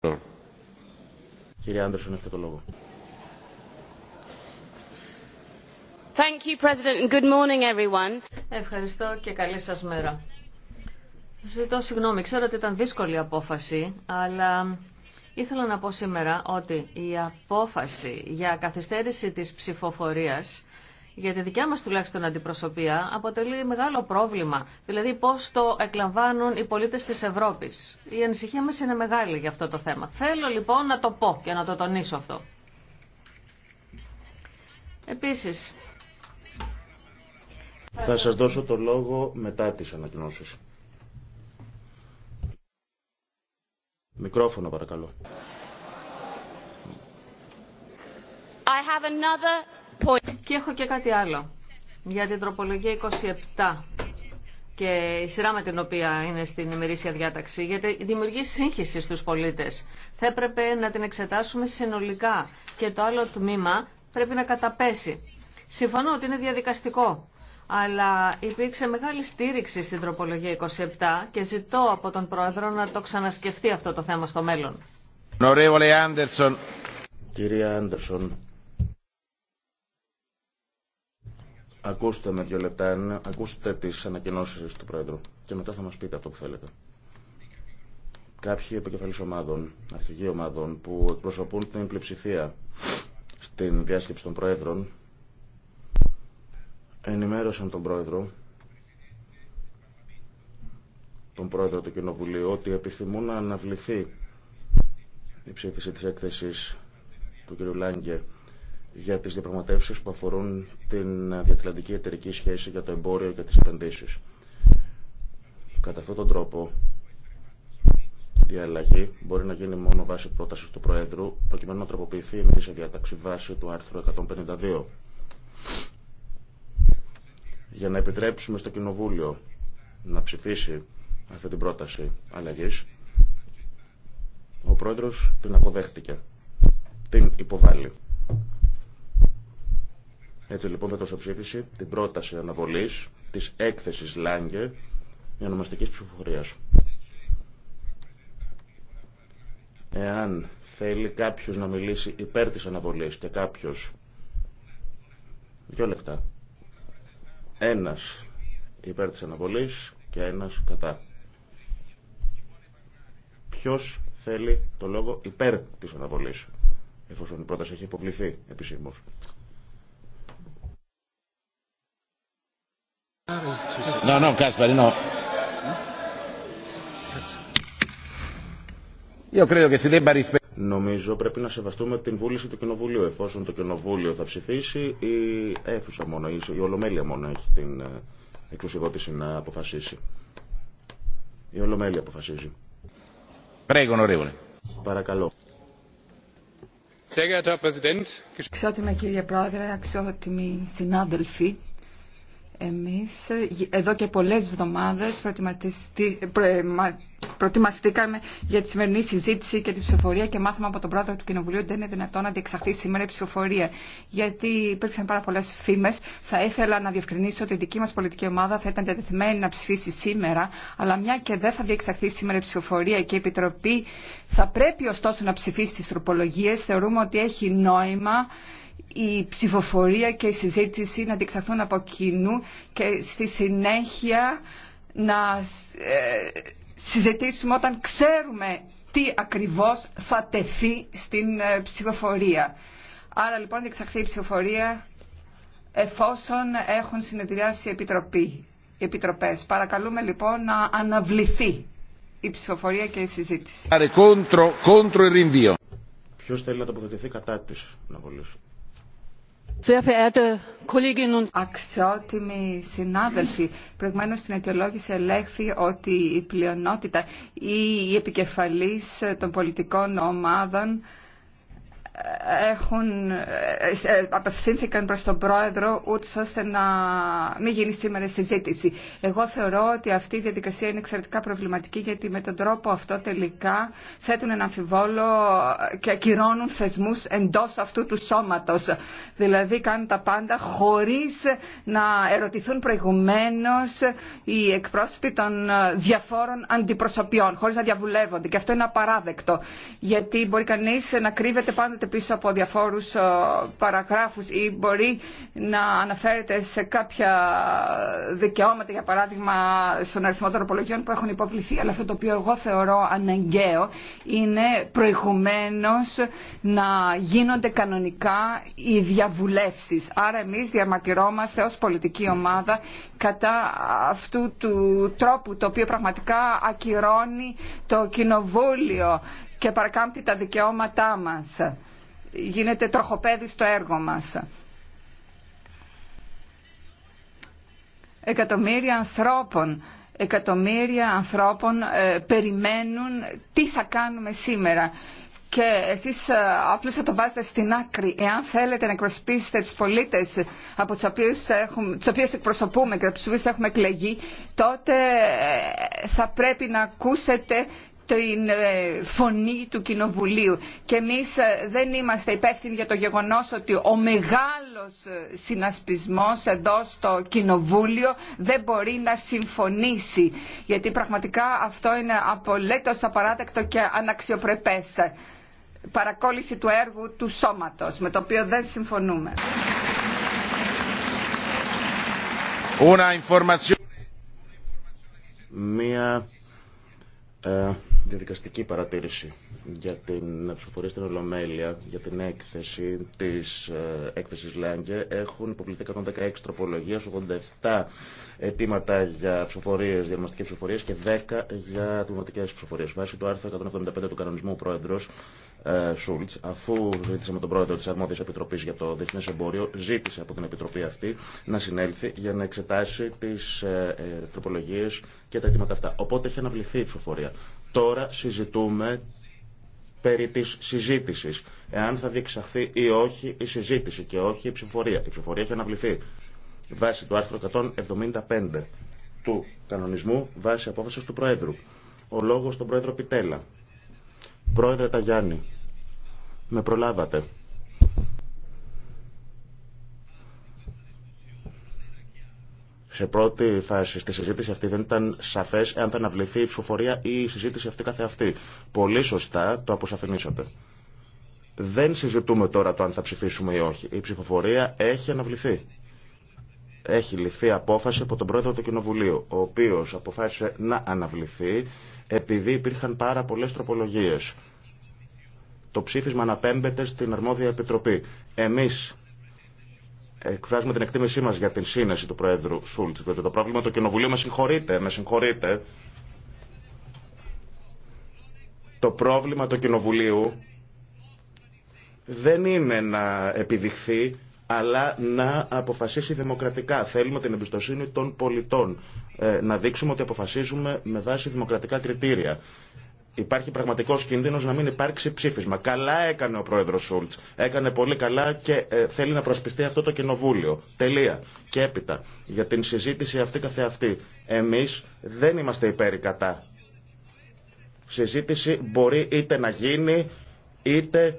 το λόγο. Thank you, President, and good morning, everyone. Ευχαριστώ και καλή σας μέρα. Ζητώ συγγνώμη, ξέρω ότι ήταν δύσκολη απόφαση, αλλά ήθελα να πω σήμερα ότι η απόφαση για καθυστέρηση της ψηφοφορίας για τη δικιά μας τουλάχιστον αντιπροσωπεία αποτελεί μεγάλο πρόβλημα. Δηλαδή πώς το εκλαμβάνουν οι πολίτες της Ευρώπης. Η ανησυχία μας είναι μεγάλη για αυτό το θέμα. Θέλω λοιπόν να το πω και να το τονίσω αυτό. Επίσης... Θα σας δώσω το λόγο μετά τις ανακοινώσεις. Μικρόφωνο παρακαλώ. I have another και έχω και κάτι άλλο για την τροπολογία 27 και η σειρά με την οποία είναι στην ημερήσια διάταξη, γιατί δημιουργεί σύγχυση στους πολίτες. Θα έπρεπε να την εξετάσουμε συνολικά και το άλλο τμήμα πρέπει να καταπέσει. Συμφωνώ ότι είναι διαδικαστικό, αλλά υπήρξε μεγάλη στήριξη στην τροπολογία 27 και ζητώ από τον Πρόεδρο να το ξανασκεφτεί αυτό το θέμα στο μέλλον. Ακούστε με δύο λεπτά, ακούστε τις ανακοινώσεις του Πρόεδρου και μετά θα μας πείτε αυτό που θέλετε. Κάποιοι επικεφαλής ομάδων, αρχηγοί ομάδων που εκπροσωπούν την πλειοψηφία στην διάσκεψη των Πρόεδρων ενημέρωσαν τον Πρόεδρο τον Πρόεδρο του Κοινοβουλίου ότι επιθυμούν να αναβληθεί η ψήφιση της έκθεσης του κ. Λάγκε για τις διαπραγματεύσεις που αφορούν την διατλαντική εταιρική σχέση για το εμπόριο και τις επενδύσεις. Κατά αυτόν τον τρόπο η αλλαγή μπορεί να γίνει μόνο βάσει πρόταση του Προέδρου, προκειμένου να τροποποιηθεί η μερίσια διάταξη βάση του άρθρου 152. Για να επιτρέψουμε στο Κοινοβούλιο να ψηφίσει αυτή την πρόταση αλλαγή, ο πρόεδρο την αποδέχτηκε. Την υποβάλλει. Έτσι λοιπόν θα ψήφιση την πρόταση αναβολής της έκθεσης Λάγκε για ονομαστική ψηφοφορία. Εάν θέλει κάποιο να μιλήσει υπέρ τη αναβολής και κάποιος δύο λεπτά ένας υπέρ τη αναβολής και ένας κατά. Ποιο θέλει το λόγο υπέρ τη αναβολής εφόσον η πρόταση έχει υποβληθεί επισήμως. Νομίζω πρέπει να σεβαστούμε την βούληση του Κοινοβουλίου. Εφόσον το Κοινοβούλιο θα ψηφίσει, η αίθουσα μόνο, η Ολομέλεια μόνο έχει την ε, εξουσιοδότηση να αποφασίσει. Η Ολομέλεια αποφασίζει. Παρακαλώ. Ξέρετε, κύριε Πρόεδρε, αξιότιμοι συνάδελφοι, εμείς εδώ και πολλές εβδομάδες προετοιμαστήκαμε για τη σημερινή συζήτηση και τη ψηφοφορία και μάθαμε από τον πρόεδρο του Κοινοβουλίου ότι δεν είναι δυνατόν να διεξαχθεί σήμερα η ψηφοφορία. Γιατί υπήρξαν πάρα πολλέ φήμε. Θα ήθελα να διευκρινίσω ότι η δική μα πολιτική ομάδα θα ήταν διατεθειμένη να ψηφίσει σήμερα, αλλά μια και δεν θα διεξαχθεί σήμερα η ψηφοφορία και η Επιτροπή θα πρέπει ωστόσο να ψηφίσει τι τροπολογίε, θεωρούμε ότι έχει νόημα η ψηφοφορία και η συζήτηση να διεξαχθούν από κοινού και στη συνέχεια να ε, συζητήσουμε όταν ξέρουμε τι ακριβώς θα τεθεί στην ε, ψηφοφορία. Άρα λοιπόν διεξαχθεί η ψηφοφορία εφόσον έχουν συνεδριάσει οι, επιτροπές. Παρακαλούμε λοιπόν να αναβληθεί η ψηφοφορία και η συζήτηση. Ποιος θέλει να τοποθετηθεί κατά της να Αξιότιμοι συνάδελφοι, προηγουμένω στην αιτιολόγηση ελέγχθη ότι η πλειονότητα ή η επικεφαλής των πολιτικών ομάδων έχουν, ε, ε, απευθύνθηκαν προς τον Πρόεδρο ούτως ώστε να μην γίνει σήμερα συζήτηση. Εγώ θεωρώ ότι αυτή η διαδικασία είναι εξαιρετικά προβληματική γιατί με τον τρόπο αυτό τελικά θέτουν ένα αμφιβόλο και ακυρώνουν θεσμούς εντός αυτού του σώματος. Δηλαδή κάνουν τα πάντα χωρίς να ερωτηθούν προηγουμένως οι εκπρόσωποι των ε, διαφόρων αντιπροσωπιών, χωρίς να διαβουλεύονται. Και αυτό είναι απαράδεκτο, γιατί μπορεί κανείς να κρύβεται πάντοτε πίσω από διαφόρους ε, παραγράφους ή μπορεί να αναφέρεται σε κάποια δικαιώματα, για παράδειγμα στον αριθμό των απολογιών που έχουν υποβληθεί. Αλλά αυτό το οποίο εγώ θεωρώ αναγκαίο είναι προηγουμένως να γίνονται κανονικά οι διαβουλεύσεις. Άρα εμείς διαμαρτυρόμαστε ως πολιτική ομάδα κατά αυτού του τρόπου το οποίο πραγματικά ακυρώνει το κοινοβούλιο και παρακάμπτει τα δικαιώματά μας γίνεται τροχοπέδι στο έργο μας. Εκατομμύρια ανθρώπων, εκατομμύρια ανθρώπων ε, περιμένουν τι θα κάνουμε σήμερα. Και εσείς ε, θα το βάζετε στην άκρη. Εάν θέλετε να εκπροσωπήσετε τις πολίτες από τους οποίους, έχουμε, εκπροσωπούμε και από τους οποίους έχουμε εκλεγεί, τότε ε, θα πρέπει να ακούσετε την ε, φωνή του Κοινοβουλίου. Και εμείς ε, δεν είμαστε υπεύθυνοι για το γεγονός ότι ο μεγάλος ε, συνασπισμός εδώ στο Κοινοβούλιο δεν μπορεί να συμφωνήσει. Γιατί πραγματικά αυτό είναι απολέτος απαράδεκτο και αναξιοπρεπές. Παρακόλληση του έργου του σώματος, με το οποίο δεν συμφωνούμε. Μια ε, διαδικαστική παρατήρηση για την ψηφοφορία στην Ολομέλεια, για την έκθεση της ε, έκθεσης Λάγκε. Έχουν υποβληθεί 116 τροπολογίες, 87 αιτήματα για ψηφοφορίες, διαγνωστικές ψηφοφορίες και 10 για δημοτικές ψηφοφορίες. Βάσει του άρθρου 175 του κανονισμού ο Πρόεδρος ε, Σούλτ, αφού ζήτησε με τον πρόεδρο τη Αρμόδια Επιτροπή για το Διεθνέ Εμπόριο, ζήτησε από την Επιτροπή αυτή να συνέλθει για να εξετάσει τι ε, ε, τροπολογίε και τα αιτήματα αυτά. Οπότε έχει αναβληθεί η ψηφοφορία. Τώρα συζητούμε περί της συζήτησης. Εάν θα διεξαχθεί ή όχι η συζήτηση και όχι η ψηφοφορία. Η ψηφοφορία έχει αναβληθεί βάσει του άρθρου 175 του κανονισμού βάσει απόφασης του Προέδρου. Ο λόγος στον Πρόεδρο Πιτέλα. Πρόεδρε Ταγιάννη, με προλάβατε. Σε πρώτη φάση στη συζήτηση αυτή δεν ήταν σαφέ αν θα αναβληθεί η ψηφοφορία ή η συζήτηση αυτή καθεαυτή. Πολύ σωστά το αποσαφηνίσατε. Δεν συζητούμε τώρα το αν θα ψηφίσουμε ή όχι. Η ψηφοφορία έχει αναβληθεί. Έχει ληφθεί απόφαση από τον πρόεδρο του Κοινοβουλίου, ο οποίο αποφάσισε να αναβληθεί επειδή υπήρχαν πάρα πολλέ τροπολογίε. Το ψήφισμα αναπέμπεται στην αρμόδια επιτροπή. Εμείς εκφράζουμε την εκτίμησή μας για την σύνεση του Προέδρου Σούλτ. το πρόβλημα του Κοινοβουλίου με συγχωρείτε, με συγχωρείτε. Το πρόβλημα του Κοινοβουλίου δεν είναι να επιδειχθεί αλλά να αποφασίσει δημοκρατικά. Θέλουμε την εμπιστοσύνη των πολιτών. Ε, να δείξουμε ότι αποφασίζουμε με βάση δημοκρατικά κριτήρια. Υπάρχει πραγματικό κίνδυνο να μην υπάρξει ψήφισμα. Καλά έκανε ο πρόεδρο Σούλτ. Έκανε πολύ καλά και ε, θέλει να προσπιστεί αυτό το κοινοβούλιο. Τελεία. Και έπειτα, για την συζήτηση αυτή καθεαυτή. Εμεί δεν είμαστε υπέρ κατά. Συζήτηση μπορεί είτε να γίνει είτε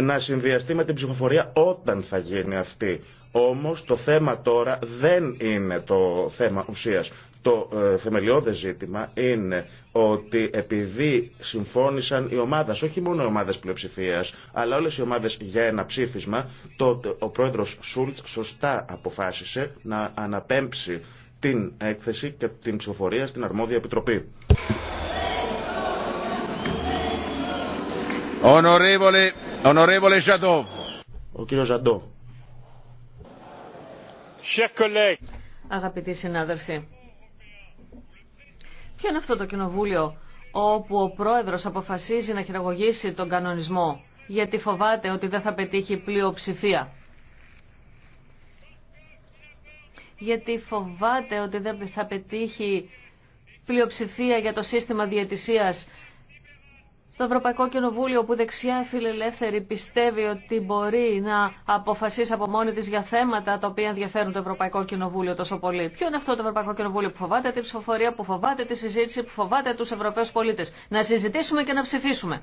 να συνδυαστεί με την ψηφοφορία όταν θα γίνει αυτή. Όμως το θέμα τώρα δεν είναι το θέμα ουσίας. Το ε, θεμελιώδες ζήτημα είναι ότι επειδή συμφώνησαν οι ομάδες, όχι μόνο οι ομάδες πλειοψηφίας, αλλά όλες οι ομάδες για ένα ψήφισμα, τότε ο πρόεδρος Σούλτς σωστά αποφάσισε να αναπέμψει την έκθεση και την ψηφοφορία στην αρμόδια επιτροπή. Ο κύριος Αγαπητοί συνάδελφοι, ποιο είναι αυτό το κοινοβούλιο όπου ο πρόεδρος αποφασίζει να χειραγωγήσει τον κανονισμό γιατί φοβάται ότι δεν θα πετύχει πλειοψηφία. Γιατί φοβάται ότι δεν θα πετύχει πλειοψηφία για το σύστημα διαιτησίας το Ευρωπαϊκό Κοινοβούλιο που δεξιά φιλελεύθερη πιστεύει ότι μπορεί να αποφασίσει από μόνη της για θέματα τα οποία ενδιαφέρουν το Ευρωπαϊκό Κοινοβούλιο τόσο πολύ. Ποιο είναι αυτό το Ευρωπαϊκό Κοινοβούλιο που φοβάται την ψηφοφορία, που φοβάται τη συζήτηση, που φοβάται τους Ευρωπαίους πολίτες. Να συζητήσουμε και να ψηφίσουμε.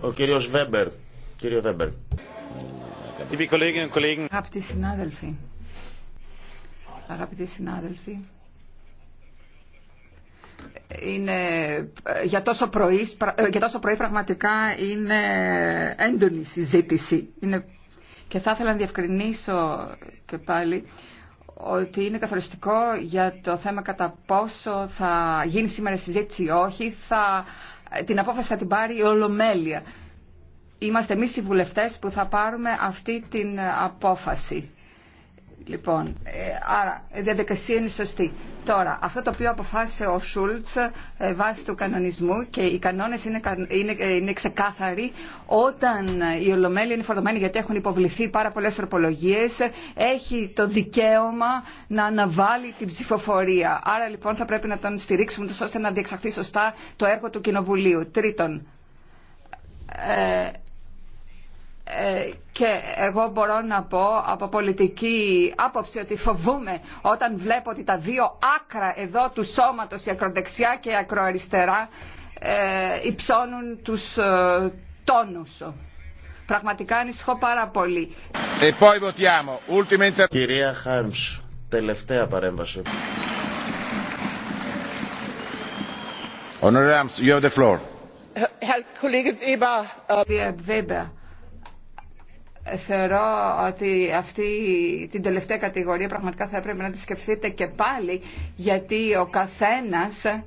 Ο κύριος Βέμπερ. Κύριε Βέμπερ. συνάδελφοι, αγαπητοί συνάδελφοι. Είναι, για, τόσο πρωί, ε, για τόσο πρωί πραγματικά είναι έντονη συζήτηση. Είναι, και θα ήθελα να διευκρινίσω και πάλι ότι είναι καθοριστικό για το θέμα κατά πόσο θα γίνει σήμερα συζήτηση ή όχι. Θα, την απόφαση θα την πάρει η Ολομέλεια. Είμαστε εμείς οι βουλευτές που θα πάρουμε αυτή την απόφαση. Λοιπόν, ε, άρα η διαδικασία είναι σωστή. Τώρα, αυτό το οποίο αποφάσισε ο Σούλτ ε, βάσει του κανονισμού και οι κανόνε είναι, είναι, ε, είναι ξεκάθαροι όταν η Ολομέλεια είναι φορτωμένη γιατί έχουν υποβληθεί πάρα πολλέ τροπολογίε, έχει το δικαίωμα να αναβάλει την ψηφοφορία. Άρα λοιπόν θα πρέπει να τον στηρίξουμε ώστε να διεξαχθεί σωστά το έργο του Κοινοβουλίου. Τρίτον, ε, και εγώ μπορώ να πω από πολιτική άποψη ότι φοβούμαι όταν βλέπω ότι τα δύο άκρα εδώ του σώματος, η ακροδεξιά και η ακροαριστερά, ε, υψώνουν τους ε, τόνους. Πραγματικά ανησυχώ πάρα πολύ. Ε, Κυρία Χάρμς, τελευταία παρέμβαση. Honorable you have the floor. Herr äh- θεωρώ ότι αυτή την τελευταία κατηγορία πραγματικά θα έπρεπε να τη σκεφτείτε και πάλι γιατί ο καθένας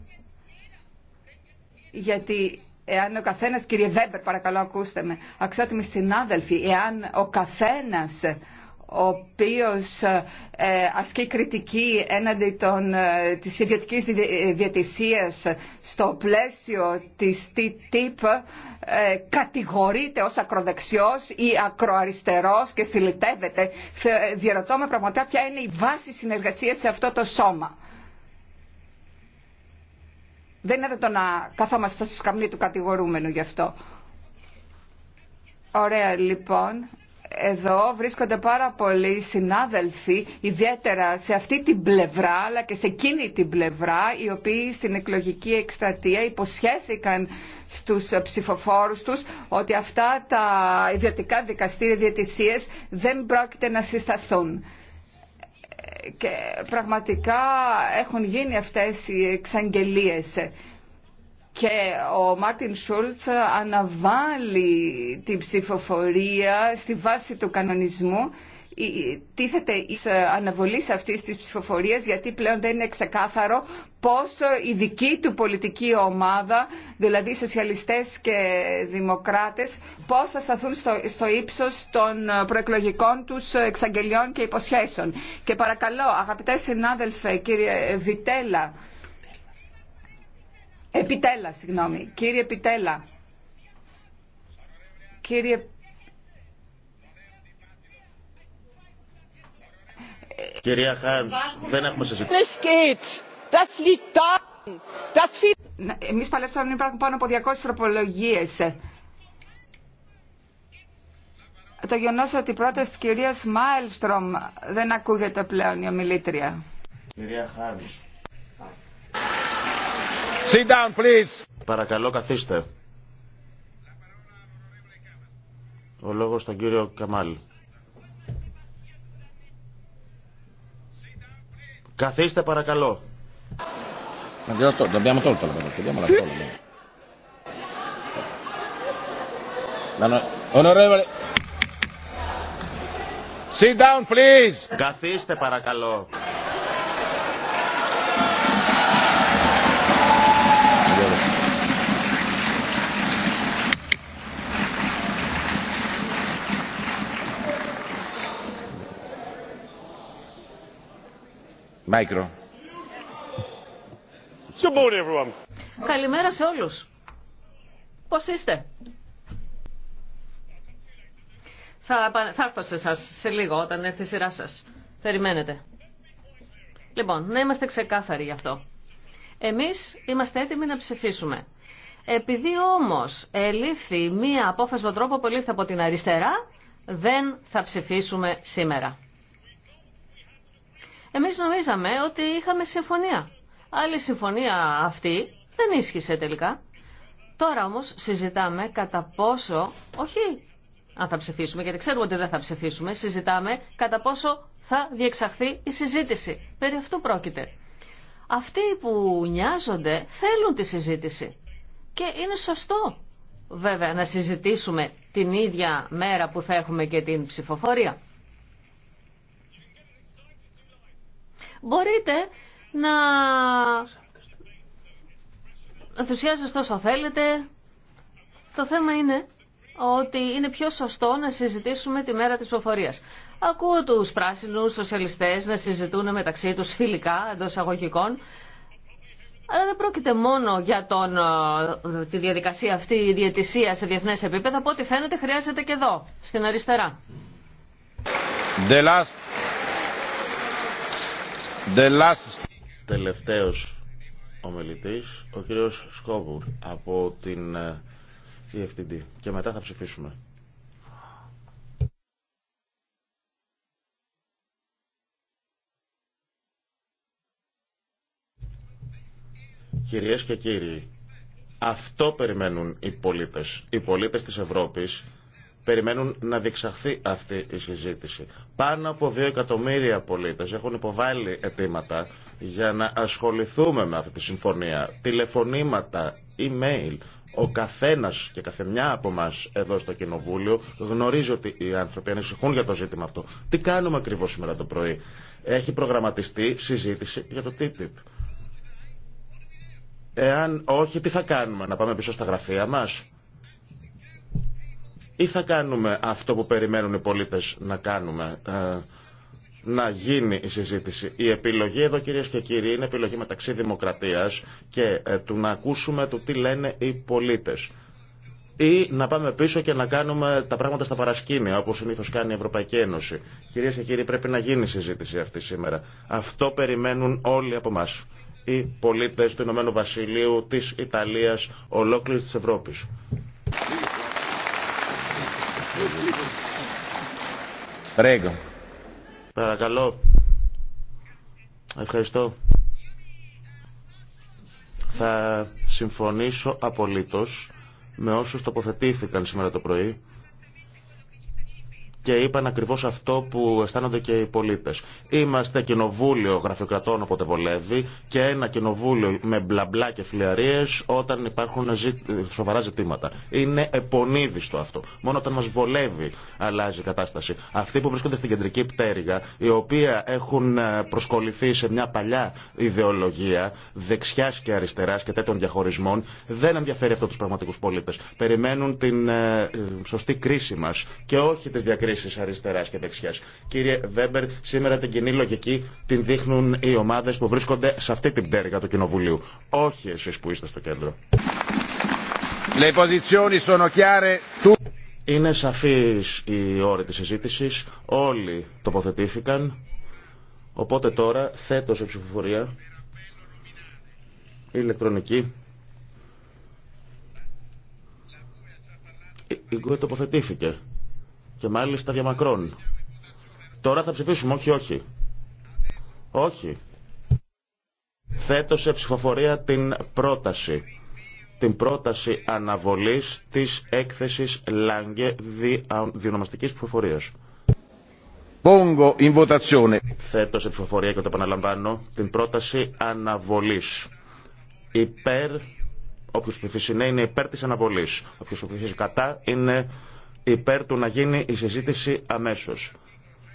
γιατί εάν ο καθένας κύριε Βέμπερ παρακαλώ ακούστε με αξιότιμοι συνάδελφοι εάν ο καθένας ο οποίος ε, ασκεί κριτική έναντι των, ε, της ιδιωτικής ε, διατησίας στο πλαίσιο της TTIP κατηγορείται ως ακροδεξιός ή ακροαριστερός και στυλιτεύεται. Διερωτώ με πραγματικά ποια είναι η ακροαριστερος και στυλιτευεται διαρωτω με πραγματικα συνεργασίας σε αυτό το σώμα. Δεν είναι το να καθόμαστε στο σκαμνί του κατηγορούμενου γι' αυτό. Ωραία λοιπόν εδώ βρίσκονται πάρα πολλοί συνάδελφοι, ιδιαίτερα σε αυτή την πλευρά, αλλά και σε εκείνη την πλευρά, οι οποίοι στην εκλογική εκστρατεία υποσχέθηκαν στους ψηφοφόρους τους ότι αυτά τα ιδιωτικά δικαστήρια διαιτησίες δεν πρόκειται να συσταθούν. Και πραγματικά έχουν γίνει αυτές οι εξαγγελίες και ο Μάρτιν Σούλτς αναβάλλει την ψηφοφορία στη βάση του κανονισμού τίθεται η αναβολή αυτής της ψηφοφορίας γιατί πλέον δεν είναι ξεκάθαρο πώς η δική του πολιτική ομάδα, δηλαδή οι σοσιαλιστές και δημοκράτες, πώς θα σταθούν στο, στο ύψος των προεκλογικών τους εξαγγελιών και υποσχέσεων. Και παρακαλώ, αγαπητέ συνάδελφε, κύριε Βιτέλα, Επιτέλα, συγγνώμη. Κύριε Επιτέλα. Κύριε Κυρία Χάρμς, δεν έχουμε συζητήσει. Εμείς παλέψαμε να υπάρχουν πάνω από 200 τροπολογίες. Το γεγονό ότι η πρόταση της κυρίας Μάιλστρομ δεν ακούγεται πλέον η ομιλήτρια. Κυρία Χάρμς, Sit down, please. Παρακαλώ καθίστε. Ο λόγος στον κύριο Καμάλ. Καθίστε παρακαλώ. Dobbiamo tolto la togliamo la parola. Onorevole. Sit down please. Καθίστε παρακαλώ. Καλημέρα σε όλους. Πώς είστε. Θα, έρθω σε σε λίγο όταν έρθει η σειρά σας. Περιμένετε. Λοιπόν, να είμαστε ξεκάθαροι γι' αυτό. Εμείς είμαστε έτοιμοι να ψηφίσουμε. Επειδή όμως ελήφθη μία απόφαση με τρόπο που ελήφθη από την αριστερά, δεν θα ψηφίσουμε σήμερα. Εμείς νομίζαμε ότι είχαμε συμφωνία. Άλλη συμφωνία αυτή δεν ίσχυσε τελικά. Τώρα όμως συζητάμε κατά πόσο, όχι αν θα ψηφίσουμε, γιατί ξέρουμε ότι δεν θα ψηφίσουμε, συζητάμε κατά πόσο θα διεξαχθεί η συζήτηση. Περί αυτού πρόκειται. Αυτοί που νοιάζονται θέλουν τη συζήτηση. Και είναι σωστό βέβαια να συζητήσουμε την ίδια μέρα που θα έχουμε και την ψηφοφορία. μπορείτε να ενθουσιάζεστε όσο θέλετε. Το θέμα είναι ότι είναι πιο σωστό να συζητήσουμε τη μέρα της προφορίας. Ακούω τους πράσινους σοσιαλιστές να συζητούν μεταξύ τους φιλικά εντό αγωγικών. Αλλά δεν πρόκειται μόνο για τον, τη διαδικασία αυτή η διαιτησία σε διεθνές επίπεδα. Από ό,τι φαίνεται χρειάζεται και εδώ, στην αριστερά. The The ο Τελευταίος ο κύριος Σκόβουρ από την ε, EFTD. Και μετά θα ψηφίσουμε. Κυρίες και κύριοι, αυτό περιμένουν οι πολίτες. Οι πολίτες της Ευρώπης περιμένουν να διεξαχθεί αυτή η συζήτηση. Πάνω από 2 εκατομμύρια πολίτες έχουν υποβάλει αιτήματα για να ασχοληθούμε με αυτή τη συμφωνία. Τηλεφωνήματα, email, ο καθένας και καθεμιά από εμά εδώ στο Κοινοβούλιο γνωρίζει ότι οι άνθρωποι ανησυχούν για το ζήτημα αυτό. Τι κάνουμε ακριβώς σήμερα το πρωί. Έχει προγραμματιστεί συζήτηση για το TTIP. Εάν όχι, τι θα κάνουμε, να πάμε πίσω στα γραφεία μας ή θα κάνουμε αυτό που περιμένουν οι πολίτες να κάνουμε, ε, να γίνει η συζήτηση. Η επιλογή εδώ κυρίες και κύριοι είναι επιλογή μεταξύ δημοκρατίας και ε, του να ακούσουμε το τι λένε οι πολίτες. Ή να πάμε πίσω και να κάνουμε τα πράγματα στα παρασκήνια, όπως συνήθως κάνει η Ευρωπαϊκή Ένωση. Κυρίες και κύριοι, πρέπει να γίνει η συζήτηση αυτή σήμερα. Αυτό περιμένουν όλοι από εμά. Οι πολίτες του Ηνωμένου Βασιλείου, της Ιταλίας, ολόκληρης της Ευρώπη Παρακαλώ. Ευχαριστώ. Θα συμφωνήσω απολύτως με όσους τοποθετήθηκαν σήμερα το πρωί και είπαν ακριβώς αυτό που αισθάνονται και οι πολίτες. Είμαστε κοινοβούλιο γραφειοκρατών όποτε βολεύει και ένα κοινοβούλιο με μπλαμπλά και φλιαρίες όταν υπάρχουν σοβαρά ζητήματα. Είναι επονίδιστο αυτό. Μόνο όταν μας βολεύει αλλάζει η κατάσταση. Αυτοί που βρίσκονται στην κεντρική πτέρυγα, οι οποίοι έχουν ε, προσκοληθεί σε μια παλιά ιδεολογία δεξιάς και αριστεράς και τέτοιων διαχωρισμών, δεν ενδιαφέρει αυτό του πραγματικούς πολίτες. Περιμένουν την ε, ε, σωστή κρίση μας και όχι τις διακρίσεις επικρίσει αριστερά και δεξιά. Κύριε Βέμπερ, σήμερα την κοινή λογική την δείχνουν οι ομάδε που βρίσκονται σε αυτή την πτέρυγα του Κοινοβουλίου. Όχι εσεί που είστε στο κέντρο. Είναι σαφή η ώρα της συζήτηση. όλοι τοποθετήθηκαν, οπότε τώρα θέτω σε ψηφοφορία ηλεκτρονική. Η, η, τοποθετήθηκε. Και μάλιστα διαμακρών. Τώρα θα ψηφίσουμε, όχι, όχι. Όχι. Θέτω σε ψηφοφορία την πρόταση. Την πρόταση αναβολής της έκθεσης Λάγκε διονομαστικής ψηφοφορίας. Θέτω σε ψηφοφορία και το επαναλαμβάνω την πρόταση αναβολής. Υπέρ, όποιος ψηφίσει ναι είναι υπέρ της αναβολής. Όποιος ψηφίσει κατά είναι υπέρ του να γίνει η συζήτηση αμέσως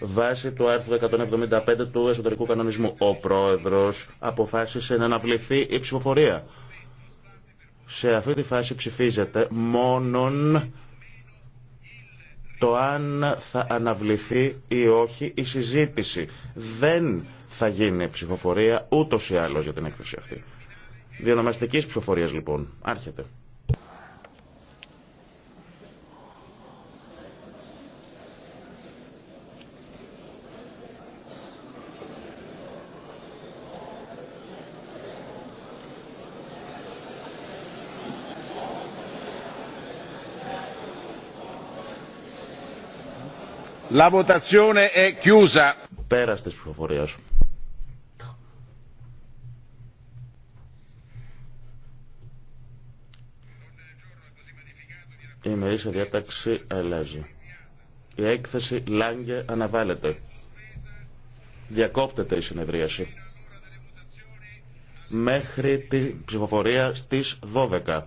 βάσει του άρθρου 175 του εσωτερικού κανονισμού. Ο πρόεδρος αποφάσισε να αναβληθεί η ψηφοφορία. Σε αυτή τη φάση ψηφίζεται μόνον το αν θα αναβληθεί ή όχι η συζήτηση. Δεν θα γίνει ψηφοφορία ούτως ή άλλως για την έκθεση αυτή. Διονομαστική ψηφοφορίας λοιπόν. Άρχεται. La votazione è chiusa. Η ημερήσια διάταξη αλλάζει. Η έκθεση Λάγκε αναβάλλεται. Διακόπτεται η συνεδρίαση. Μέχρι την ψηφοφορία στις 12.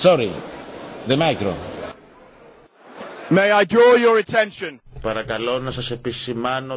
Sorry, the micro. May I draw your attention. Παρακαλώ να σας επισημάνω